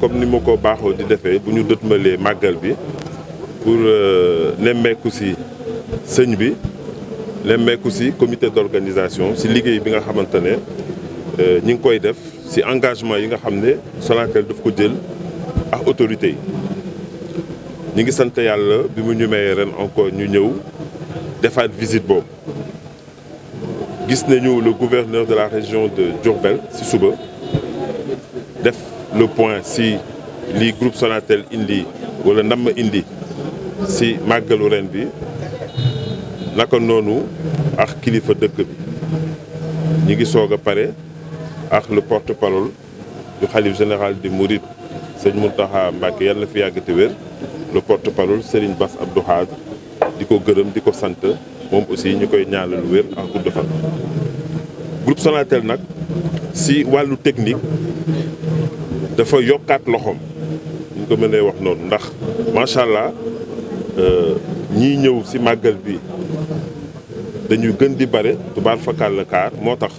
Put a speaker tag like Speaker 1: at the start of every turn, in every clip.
Speaker 1: comme ni ma ko baaxoo di defee bu ñu dëtmalee màggal bi pour euh, nemmeeku si sëñ bi nemmeeku si comité d'organisation si liggéey bi nga xamante ne euh, ñi ngi koy def si engagement yi nga xam ne Sonatel daf ko jël ak autorité yi ñi ngi sant yàlla bi mu ñu mayee ren encore ñu ñëw defaat visite boobu gis nañu le gouverneur de la région de Diourbel si suba def le point si lii groupe Sonatel indi wala ndam indi si màggalu reen bi naka noonu ak kilifa dëkk bi ñu ngi soog a pare ak le porte parole du xalif général di murit sëñ Mountakha Mbacké yàlla na fi yàgg te wér le porte parole Serigne ab Abdou Khadre di ko gërëm di ko sant moom aussi ñu koy ñaanal wér ak gudd fan. groupe Sonatel nag si wàllu technique. dafa yokkaat loxoom ñu ko mënee wax noonu ndax macha allah euh, ñiy ñëw ci màggal bi dañuy gën di bare tubaar fakal la kaar moo tax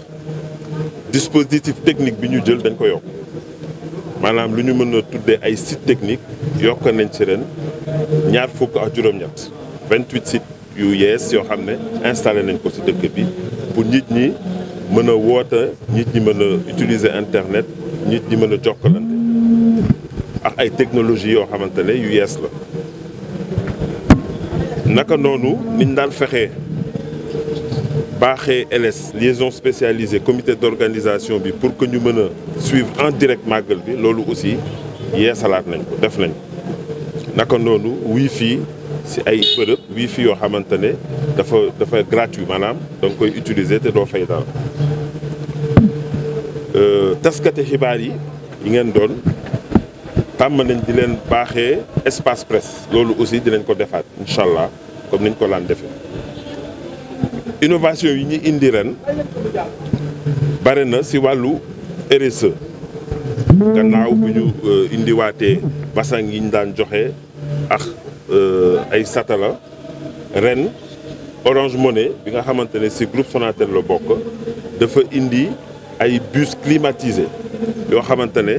Speaker 1: dispositif technique bi ñu jël dañ ko yokk maanaam lu ñu mën a tuddee ay site technique yokk nañ ci ren ñaar fukk ak juróom-ñett 28 sites yu yees yoo xam ne installé nañ ko ci dëkk bi pour nit ñi mën a woote nit ñi mën a utiliser internet nit ñi mën a jokkalante ak ay technologie yoo xamante ne yu yees la naka noonu niñ daal fexee baaxee LS liaison spécialisée comité d'organisation bi pour que ñu mën a suivre en direct màggal bi loolu aussi yeesalaat nañ def nañ naka noonu wifi si ay bërëb wifi yoo xamante ne dafa dafa gratuit maanaam da koy utiliser te doo fay dara Euh, taskati xibaar yi ngeen doon tàmm nañ di leen baaxee espace presse loolu aussi di dinañ ko defaat incha allah comme nañ ko laan defee innovation yi ñu indi ren bare na si wàllu RSE gannaaw bu ñu euh, indiwaatee basang yi ñu daan joxe ak euh, ay satala ren Orange Money bi nga xamante ne si groupe Sonatel la bokk dafa indi. ay bus climatisé yoo xamante ne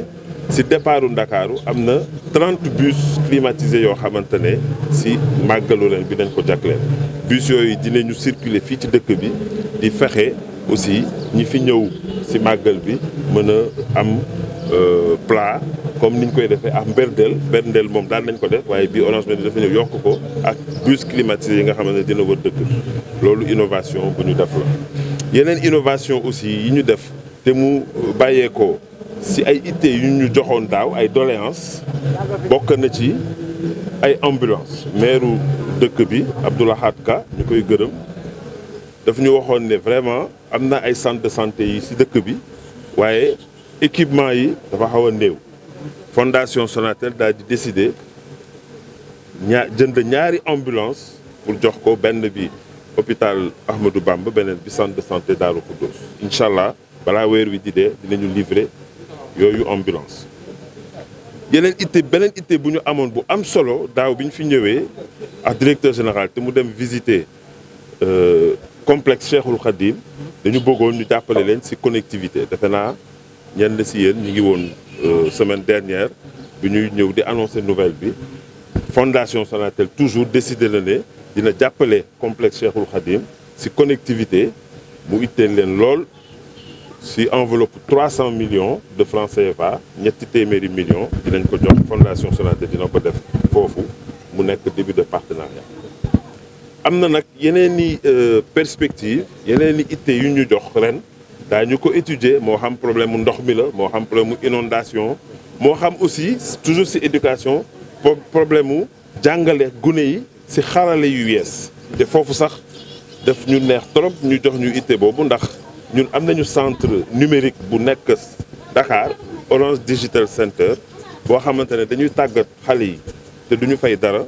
Speaker 1: si départu Ndakaaru am na 30 bus climatisés yoo xamante ne si màggalu ren bi dañ ko jagleel bus yooyu ñu circuler fii ci dëkk bi di fexe aussi ñi fi ñëw si màggal bi mën a am euh, plat comme ni niñ koy defee ak mberndeel mberndeel moom daal nañ ko def waaye bii Orange Money dafa ñëw yokk ko ak bus climatisé yi nga xamante ne dina wër dëkk bi loolu innovation bu ñu def la yeneen innovation aussi yi ñu def te mu bàyyeekoo si ay ittee yu ñu joxoon daaw ay doléance bokk na ci ay ambulance maire dëkk bi Abdoulahat Ka ñu koy gërëm daf ñu waxoon ne vraiment am na ay centre de santé yi si dëkk bi waaye équipement yi dafa xaw a néew fondation Sonatel daal di décider jënd ñaari ambulance pour jox ko benn bi hôpital Ahmadou Bamba beneen bi centre de santé Daaru Khoudoss incha allah balaa weer wi di dee ñu livrer yooyu ambulance yeneen itte beneen itte bu ñu amoon bu am solo daaw bi ñu fi ñëwee ak directeur général te mu dem visiter euh, complexe Cheikhul Khadim dañu bëggoon ñu jàppale leen ci connectivité defe naa ñenn ci yéen ñu ngi woon euh, semaine dernière bu ñuy ñëw di annoncer nouvelle bi fondation Sonatel toujours décidé la ne dina jàppale complexe Cheikhul Khadim ci connectivité mu itteel leen lool. si enveloppe 300 millions de francs CFA ñetti téeméeri millions dinañ ko jox fondation Sonatel dina ko def foofu mu nekk début de partenariat am na nag yeneen i euh, perspective yeneen i itte yu ñu jox ren daa ñu ko étudier moo xam problème mu ndox mi la moo xam problème mu inondation moo xam aussi toujours si éducation problème mu jàngale gune yi si xarale yu yees te foofu sax def ñu neex trop ñu jox ñu itte boobu ndax ñun am nañu centre numérique bu nekk Dakar Orange Digital Center boo xamante ne dañuy tàggat xale yi te duñu fay dara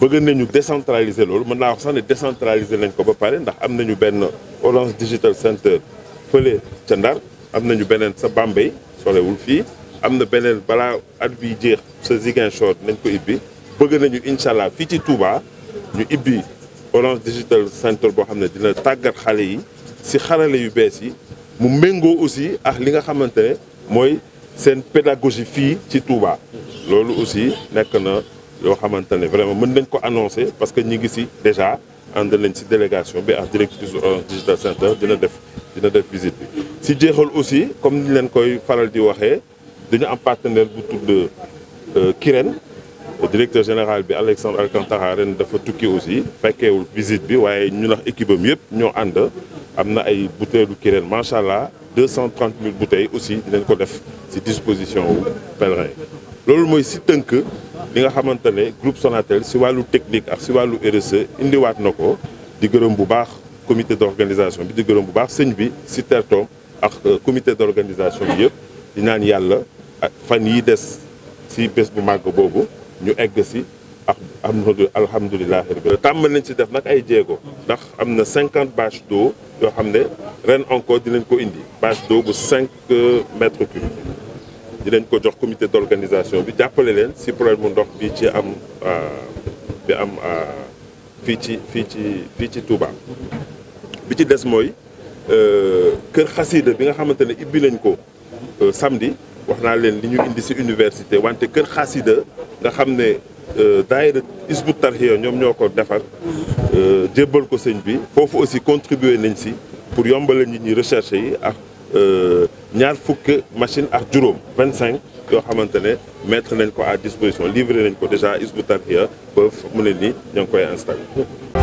Speaker 1: bëgg nañu décentraliser loolu mën naa wax sax ne décentraliser nañ ko ba pare ndax am nañu benn Orange Digital Center fële ca Ndar am nañu beneen sa Bambey sorewul fii am na beneen balaa at bi jeex sa Ziguinchor nañ ko ibbi bëgg nañu incha allah fii ci Touba ñu ibbi Orange Digital Center boo xam ne dina tàggat xale yi si xarale yu bees yi mu méngoo aussi ak li nga xamante ne mooy seen pédagogie fii ci Touba loolu aussi nekk na yoo xamante ne vraiment mën nañ ko annoncer parce que ñi ngi si déjà ànd nañ si délégation bi ak directrice Orange Digital Center dina def dina def visite bi si jeexal aussi comme niñ leen koy faral di waxee dañu am partenaire bu tudd euh, Kirène directeur général bi Alexandre Alcantara ren dafa tukki aussi fekkeewul visite bi waaye ñu nax équipe am yëpp ñoo ànd am na ay bouteilles Kirène macha allah deux cent trente mille bouteilles aussi dinañ ko def ci disposition wu pèlerin loolu mooy si tënk li nga xamante ne groupe Sonatel ci wàllu technique ak ci wàllu RSE indiwaat na ko di gërëm bu baax comité d'organisation bi di gërëm bu baax sëñ bi ci tertoom ak euh, comité d'organisation bi yëpp di naan yàlla ak fan yi des ci bés bu màgg boobu ñu egg ci Ah, alhamdulilah rabbil tàmbal nañ ci def nag ay jéego ndax am na cinquante bâche d'eau yoo xam ne ren encore dinañ ko indi bâche d'eau bu cinq euh, mètres cubes dinañ ko jox comité d'organisation bi jàppale leen si problème mu ndox bi ci am euh, bi am euh, fii ci fii ci fii ci Touba bi ci des mooy kër xasida bi nga xamante ne ibbi nañ ko samdi wax naa leen li ñu indi si université wante kër xasida nga xam ne Euh, daayira isbu tarxiya ñoom ñoo ko defar euh, jébbal ko sëñ bi foofu aussi contribuer nañ si pour yombale nit ñi recherche yi ak euh, ñaar fukk machine ak juróom vingt cinq yoo xamante ne metre nañ ko à disposition livré nañ ko déjà isbu tarxiya mu ne nii ñoo ngi koy installé